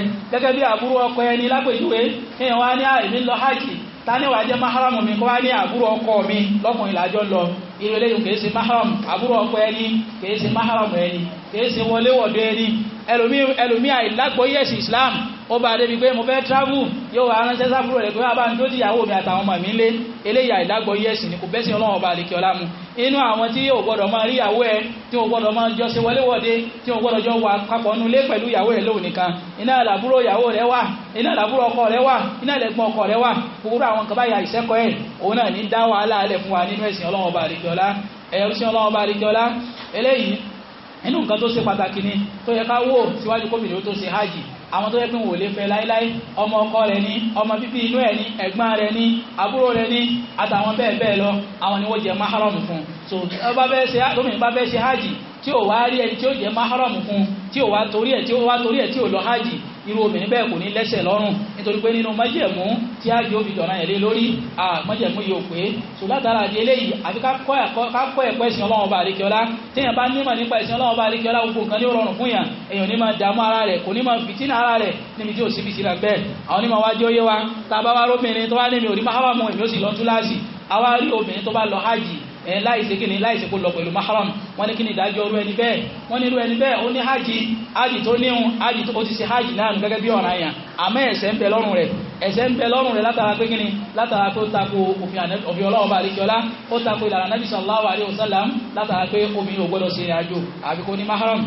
gẹ́gẹ́ maharamu mi kó wá mi lọ́kùnrin làjọ irú eléyìí kìí ṣe mahram àbúrò ọkọ ẹni kìí ṣe mahram ẹni kìí ṣe ẹni ẹlòmí àìlágbóyè ẹ̀sìn Islam ó bá débi pé mo fẹ́ travel yóò wá ránṣẹ́ sábúrò rẹ̀ pé wá bá ń dójú ìyàwó mi àtàwọn ọmọ mi lé eléyìí àìlágbóyè ẹ̀sìn ni kò bẹ́sìn Ọlọ́run ọba àlèkè ọlá mu inú àwọn tí ò gbọ́dọ̀ máa rí ìyàwó ẹ tí ò gbọ́dọ̀ máa jọ ṣe wọléwọ̀de tí ò gbọ́dọ̀ jọ wà papọ̀ nulé pẹ̀lú ìyàwó ẹ lóun nìkan iná làbúrò ìyàwó rẹ wà iná làbúrò ọkọ rẹ wà iná lẹ̀gbọ́n ọkọ rẹ wà gbogbo àwọn kan báyà ìṣẹ́kọ̀ọ́ ẹ̀ òun náà ní dá wàhálà alẹ̀ fún wa nínú ẹ̀sìn Ọlọ́run ọba àlèkè àríkíọ́lá ẹ̀yẹ oríṣẹ́ ọlọ́wọ́ bá àríkíọ́lá eléyìí inú nǹkan tó ṣe pàtàkì ni tó yẹ ká wò síwájú kómìnir tó ṣe hajj àwọn tó yẹ pé wò lè fẹ́ láíláí ọmọ ọkọ rẹ̀ ni ọmọ bíbí inú ẹ̀ ni ẹ̀gbọ́n rẹ̀ ni àbúrò rẹ̀ ni àtàwọn bẹ́ẹ̀ bẹ́ẹ̀ lọ àwọn ni wọ́n jẹ maharam fún so ọba bẹ́ẹ̀ ṣe lómìnir bá bẹ́ẹ̀ ṣe hajj tí ò wá rí ẹni tí ó jẹ maharam fún tí ò wá torí ẹ̀ tí ó wá torí ẹ̀ tí ò lọ hajj irú obìnrin bẹ́ẹ̀ kò ní lẹ́sẹ̀ lọ́rùn nítorí pé nínú májẹ̀mú tí a yóò fi dọ̀nà ẹ̀lẹ́ lórí à májẹ̀mú yóò pé so látara àdé eléyìí àfi ká kọ́ ẹ̀kọ́ ẹ̀sìn ọlọ́run ọba àríkíọ́lá téèyàn bá nímọ̀ nípa ẹ̀sìn ọlọ́run ọba àríkíọ́lá gbogbo nǹkan ní rọrùn fún yàn èèyàn ní máa dààmú ara rẹ̀ kò ní máa fìtínà ara rẹ̀ níbi tí ò síbi bẹ́ẹ̀ àwọn ẹ̀ eh, láìsí kí ni láìsí kó lọ pẹ̀lú mahram wọ́n ní kí ni ìdájọ́ orú ẹni bẹ́ẹ̀ wọ́n ní irú ẹni bẹ́ẹ̀ ó ní hajj hajj tó níhun hajj tó ti ṣe hajj náà gẹ́gẹ́ bí ọ̀ràn àyàn àmọ́ ẹ̀ṣẹ̀ ń bẹ lọ́rùn rẹ̀ ẹ̀ṣẹ̀ ń bẹ lọ́rùn rẹ̀ látara pé kí ni látara pé ó tako òfin ọlọ́wọ́ bá àríkíọ́lá ó tako ìlànà nàbì sallallahu alaihi wasallam látara pé obìnrin ò gbọ́dọ̀ ṣe ìrìn àjò àbí kó ní mahram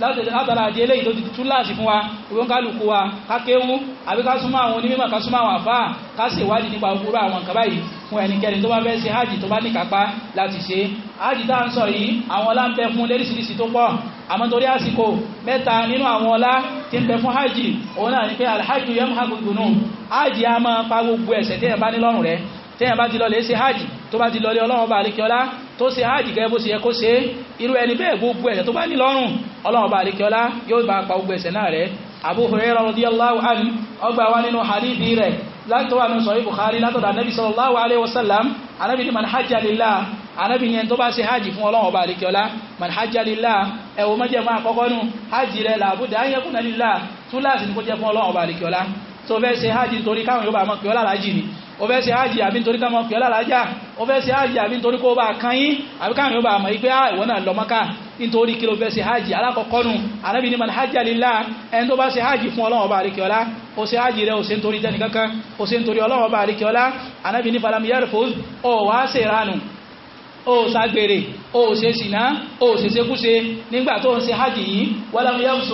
látara àdí eléyìí tó ti tú láàsì fún wa ìwọ́n kálukú wa ká kéwú àbí ká súnmọ́ àwọn onímọ̀ ká súnmọ́ àwọn àfáà ká sì wádìí nípa gbogbo àwọn nǹkan báyìí fún ẹnikẹ́ni tó bá fẹ́ ṣe hájì tó bá ní kápá láti ṣe hájì tá à ń sọ yìí àwọn ọlá ń bẹ fún lóríṣiríṣi tó pọ̀ àmọ́ torí àsìkò mẹ́ta nínú àwọn ọlá tí ń bẹ fún hájì òun náà ni pé alhaji yamhaku dunun hájì á máa pa gbogbo ẹ̀ṣẹ̀ téèyàn bá ní lọ́rùn rẹ̀ téèyàn bá ti lọ lè ṣe hájì tó bá ti lọ lé ọlọ́run bá àlékiọlá tó ṣe áàdì gẹ́gẹ́ bó ṣe yẹ kó ṣe irú ẹni bẹ́ẹ̀ gbogbo ẹ̀ṣẹ̀ tó bá ní lọ́rùn ọlọ́run bá àríkẹ́ọ́lá yóò bá pa gbogbo ẹ̀ṣẹ̀ náà rẹ̀ Abu Hurairah radiyallahu anhu ọgbà wa nínú hadithi rẹ̀ látọwà ní sọ̀rọ̀ Bukhari látọ̀dà anábì sallallahu alaihi wasallam anábì ní man hajja lillah anábì yẹn tó bá ṣe hajj fún ọlọ́run ọba àríkẹ́ọ́lá man hajja lillah ẹ̀wọ̀n mọ́jẹ̀mọ́ àkọ́kọ́ so fẹ́ ṣe hajj nítorí káwọn yóò bá mọ̀ pé ọ́ lálàájì ni o fẹ́ ṣe hajj àbí nítorí káwọn pè ọ́ lálàájà o fẹ́ ṣe hajj àbí nítorí kó bá kan yín àbí káwọn yóò bá mọ̀ pé ah, ìwọ náà lọ Mákà nítorí kí ló fẹ́ ṣe hajj alákọ̀ọ́kọ́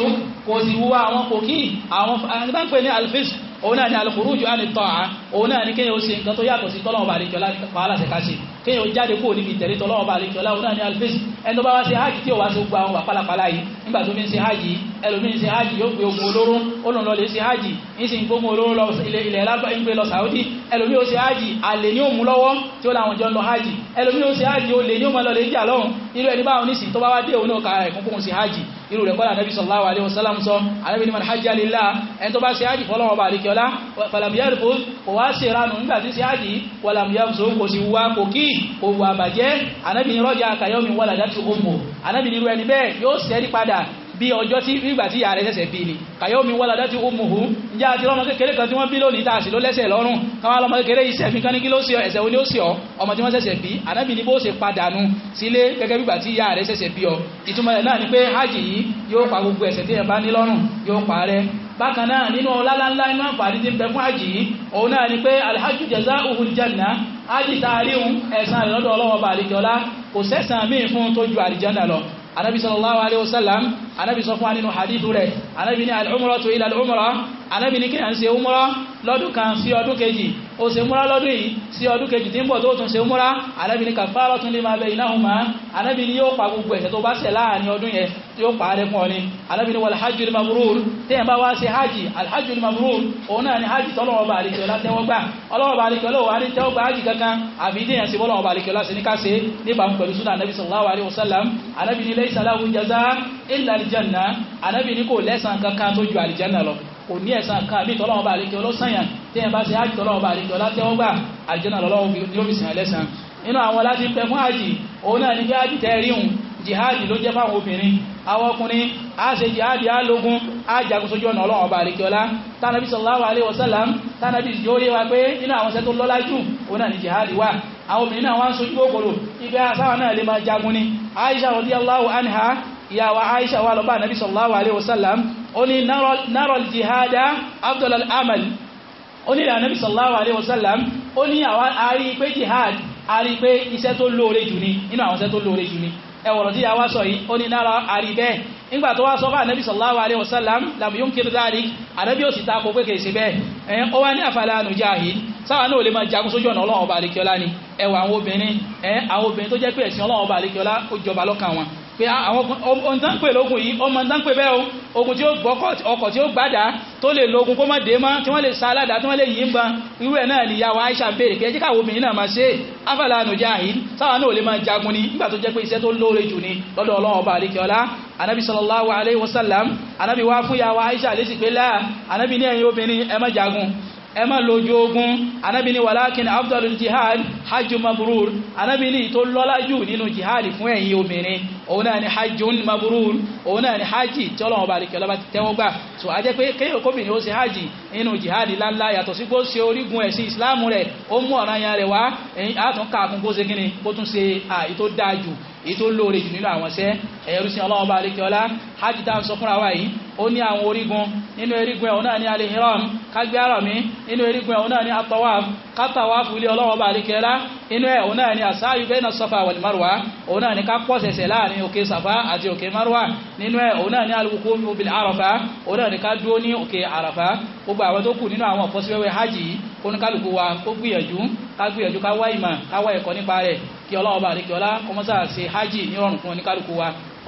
nu kò sì wúwa àwọn kòkí àwọn nígbà pé ní alfisk òun náà ni al-khuruju an at òun náà ni kéèyàn ó ṣe nǹkan tó yàtọ̀ sí tọ́lọ́wọ́ àlekíọ́lá pàálàṣẹ ká ṣe kéèyàn ó jáde kúrò níbi ìtẹ̀lé tọ́lọ́wọ́ àlekíọ́lá òun náà ni alifésì ẹni tó bá wá ṣe hajj tí ò wá ṣe gba àwọn pàpàlàpàlà yìí nígbà tó fi ń ṣe hajj ẹlòmíì ń ṣe hajj yóò gbé ogun olóró ó lòun lọ lè ṣe hajj ń sì ń gbógun olóró lọ ilẹ̀ ilẹ̀ lábá ń gbé lọ Saudi ẹlòmíì ó alaihi wasallam sọ anábì ní man hajja lillah ẹni tó bá ṣe hajj fọlọ́wọ́ bá àlekíọ́lá wá ṣe ránù nígbà tí ṣe ájì wàlàmùyàmùsọ kò sí wá kò kí kò wà bàjẹ́ anábì ní rọ́jà kàyọ́mì wà làdátù ọmọ anábì ní irú ẹni bẹ́ẹ̀ yóò padà bí ọjọ́ tí nígbà tí ìyá bí ni kàyọ́mì wà làdátù ọmọ hù njẹ́ àti lọ́mọ kékeré kan tí wọ́n bí lónìí tààsì ló lẹ́sẹ̀ lọ́rùn káwọn lọ́mọ kékeré iṣẹ́ fi kán ní kí ló ṣe ọ ẹ̀ṣẹ̀ wo ni ó ṣe ọ ọmọ tí wọ́n ṣẹ̀ṣẹ̀ bí anábì ní bó ṣe padà nu sílé gẹ́gẹ́ bígbà bákan náà nínú ọlálálá inú àǹfààní tí ń bẹ fún àjì yìí òun náà ni pé alhaju jaza uhun janna ájì taariun ẹ̀san rẹ̀ lọ́dọ̀ ọlọ́wọ́ bá àlejòọlá kò sẹ́sàn míì fún tó ju àlìjánà lọ anabi sallallahu alaihi wasallam fún wa nínú rẹ̀ anabi ní al Ànábì ní kíyàn ṣe umura lọ́dún kan sí ọdún kejì ó ṣe umura lọ́dún yìí sí ọdún kejì tí ń bọ̀ tó tún ṣe umura Ànábì ní kafaratun lima baynahuma Ànábì ní yóò pa gbogbo ẹ̀ṣẹ̀ tó bá ṣẹ̀ láàrin ọdún yẹn yóò pa rẹ̀ fún ọ ni Ànábì ní wal hajjul mabrur téèyàn bá wá ṣe hajj ni hajj tọ́lọ́wọ́ bá àlejò látẹ́wọ́gbà ọlọ́wọ́ bá àlejò lọ́wọ́ àrí tẹ́wọ́gbà hajj kankan àbí téèyàn ṣe bọ́lọ́wọ́ bá àlejò láti ní ká ṣe níbàámu pẹ̀lú súnà Ànábì sallallahu alaihi wasallam Ànábì ní laysa lahu jaza illa aljanna Ànábì ní kò lẹ́san kankan tó ju aljanna lọ kò ní ẹ̀sán kan àbí ìtọ́lọ́wọ́ bá àlejò ọlọ́sànyàn tí ẹ̀ bá ṣe ájì tọ́lọ́wọ́ bá àlejò ọlátẹ́wọ́gbà àlìjọ́nà lọ́wọ́ yóò fi sìn ẹlẹ́sàn ní jihadi ló jẹ́ fáwọn obìnrin àwọn ọkùnrin a ṣe jihadi a lógún a jagun sójú ọ̀nà ọlọ́run ọba àríkíọlá tánàbí sallallahu alaihi wasallam tánàbí yóò yé wa jihadi wà àwọn obìnrin náà wá ń sojú kòkòrò ibẹ̀ asáwọn náà lè máa jagun ni Aisha radiyallahu anha ìyá wa Aisha wá lọ bá Nabi sallallahu alaihi wasallam ó ní narol jihada afdal al-amal ó ní ìyá Nabi sallallahu alaihi wasallam ó ní àwọn àárí pé jihad àárí pé iṣẹ́ tó lóore jù ni inú àwọn iṣẹ́ tó lóore jù ni ẹwọ̀rọ̀ tí yàwá sọ yìí ó ní nára àrí bẹ́ẹ̀ nígbà tó wá sọ bá anábì sallallahu alaihi wasallam làbí yóò kiri dárí anábì ó sì ta kò pé kèé sí bẹ́ẹ̀ ẹ̀yìn ó wá ní àfàlà nujahid sáwọn náà lè máa jagun sójú ọ̀nà ọlọ́run ọba àlekíọ́lá ni ẹwà àwọn obìnrin tó jẹ́ pé ọlọ́run ọba àlekíọ́lá ó jọba lọ́kàn wọn pé ah, àwọn ohun tán pè lókun yìí ọmọ tán pè bẹ́ẹ̀ ogun tí ó gbọ́kọ̀ ọkọ̀ tí ó gbádá tó lè lókun kó mọ́ dèémá tí wọ́n lè sa aládá tí wọ́n lè yìí ń ba irú ẹ̀ náà ni yàwó Aisha béèrè pé jíkà obìnrin náà máa ṣe afẹ́lá nujahid sáwọn náà lè máa jagun ni nígbà tó jẹ́ pé iṣẹ́ tó lóore jù ni lọ́dọ̀ Ọlọ́run ọba àríkẹ́ọlá anabi sallallahu alaihi wasallam anabi wá fún yàwó Aisha lésì pé láà anabi ní ẹ̀yin obìnrin ẹ má jagun ẹ má lójú ogun anábì ní walakin afdalul jihad hajjun mabrur anábì ní tó lọ́lájú nínú jihad fún ẹ̀yin obìnrin òun náà ni hajjun maburur òun náà ni hajji tí ọlọ́run bá rìkẹ́ lọ́ba ti tẹ́wọ́ gbà so a jẹ́ pé kéèyàn kóbìnrin ó ṣe hajji nínú jihad láńlá yàtọ̀ sí kó ṣe orígun ẹ̀sìn islam rẹ̀ ó mú ọ̀ràn yẹn rẹ̀ wá ẹ̀yìn àtúnkà fún kó ṣe kíni kó tún wa yìí ó ní àwọn orígun nínú erigun ẹ̀ òun náà alị alihiram ka àràmí nínú mi náà ni atawaf kátàwáfù ilé ọlọ́wọ́ bá àríkẹ́lá inú ẹ̀ òun náà ni àsáyù bẹ́ẹ̀nà sọfà wal marwa òun náà ni ká pọ̀sẹ̀sẹ̀ láàrin òkè sàfà àti òkè marwa nínú ẹ̀ náà ni alwuqufu bil àràfà òun náà ni ká dúó ní òkè àràfà gbogbo àwọn tó kù hajj oníkálukú wa kó gbìyànjú ká gbìyànjú ká wá ìmọ̀ ká wá ẹ̀kọ́ nípa rẹ̀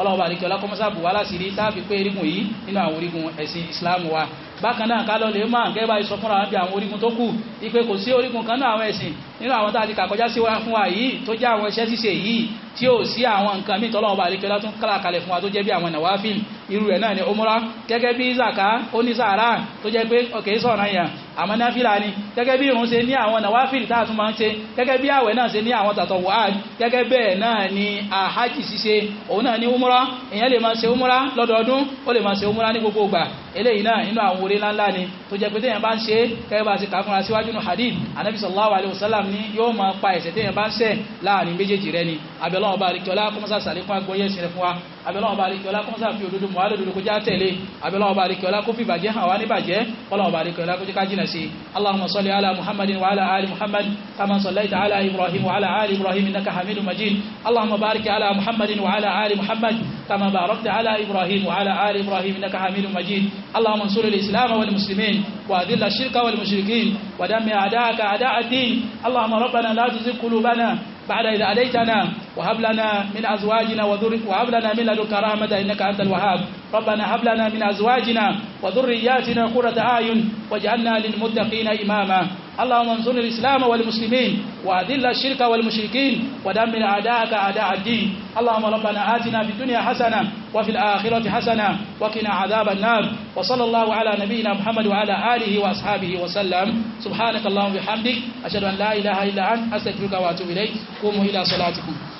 ọlọ́wọ́ bá àríkẹ́ ọlákọ́mọ́sá bùwá láti rí táàfi pé erigun yìí nínú àwọn orígun ẹ̀sìn Islam wa bákan náà ká lọ lè máa gẹ́gẹ́ bá sọ fúnra wọn bí àwọn orígun tó kù ipe kò sí orígun kan náà àwọn ẹ̀sìn nínú àwọn tá a ti kà kọjá sí fún wa yìí tó jẹ́ àwọn iṣẹ́ ṣíṣe yìí tí ó sí àwọn nǹkan míì tọ́lọ́wọ́ bá tún kàlà fún wa tó jẹ́ bí àwọn nàwáfíìl irú rẹ̀ náà ni umra gẹ́gẹ́ bí zaka ó ní sàárà tó jẹ́ pé ọ̀kẹ́ sọ̀rọ̀ yàn àmọ́ náfìlà ni gẹ́gẹ́ bí irun ṣe ní àwọn nàwáfíìl tá a tún máa ń ṣe gẹ́gẹ́ bí àwẹ̀ náà ṣe ní àwọn tàtọ̀ wàhálì gẹ́gẹ́ bẹ́ẹ̀ náà ni àhájì ṣíṣe òun náà ni umra èèyàn lè máa ṣe umra lọ́dọọdún ó lè máa ṣe umra ní gbogbo ìgbà eléyìí náà nínú orí ńláńlá ni tó jẹ́ pé téèyàn bá ń ṣe kẹ́kẹ́ bá ti kà fúnra síwájú nù hadith anabi sallallahu alayhi wa sallam ni yóò máa pa ẹ̀ṣẹ̀ téèyàn bá ń ṣẹ̀ láàrin méjèèjì rẹ ni abẹ́lẹ́ ọba àríkẹ́ ọlá kọ́mọ́sá sàlékún agbóyè ẹ̀sìn rẹ fún wa abẹ́lọ́wọ́ bá alikẹ́ ọlá kó ń sàfi òdodo mọ́ alódodo kó já tẹ̀lé abẹ́lọ́wọ́ bá alikẹ́ ọlá kó fi bàjẹ́ hàn wá ní bàjẹ́ kọ́lọ́wọ́ bá alikẹ́ ọlá kó jẹ́ jìnà sí allahumma salli ala muhammadin wa ala ali muhammad kama sallaita ala ibrahim wa ala ali ibrahim innaka hamidum majid allahumma barik ala muhammadin wa ala ali muhammad كما باركت على إبراهيم وعلى آل إبراهيم إنك حميد مجيد اللهم انصر الإسلام والمسلمين وأذل الشرك والمشركين ودم أعداءك أعداء الدين اللهم ربنا لا تزغ قلوبنا بعد إذ هديتنا وهب لنا من أزواجنا وهب لنا من لدنك رحمة إنك أنت الوهاب ربنا هب لنا من أزواجنا وذرياتنا قرة أعين واجعلنا للمتقين إماما اللهم انصر الإسلام والمسلمين وأذل الشرك والمشركين ودمر أعداءك أعداء الدين اللهم ربنا آتنا في الدنيا حسنة وفي الآخرة حسنة وقنا عذاب النار وصلى الله على نبينا محمد وعلى آله وأصحابه وسلم سبحانك اللهم وبحمدك أشهد أن لا إله إلا أنت أستغفرك وأتوب إليك قوموا إلى صلاتكم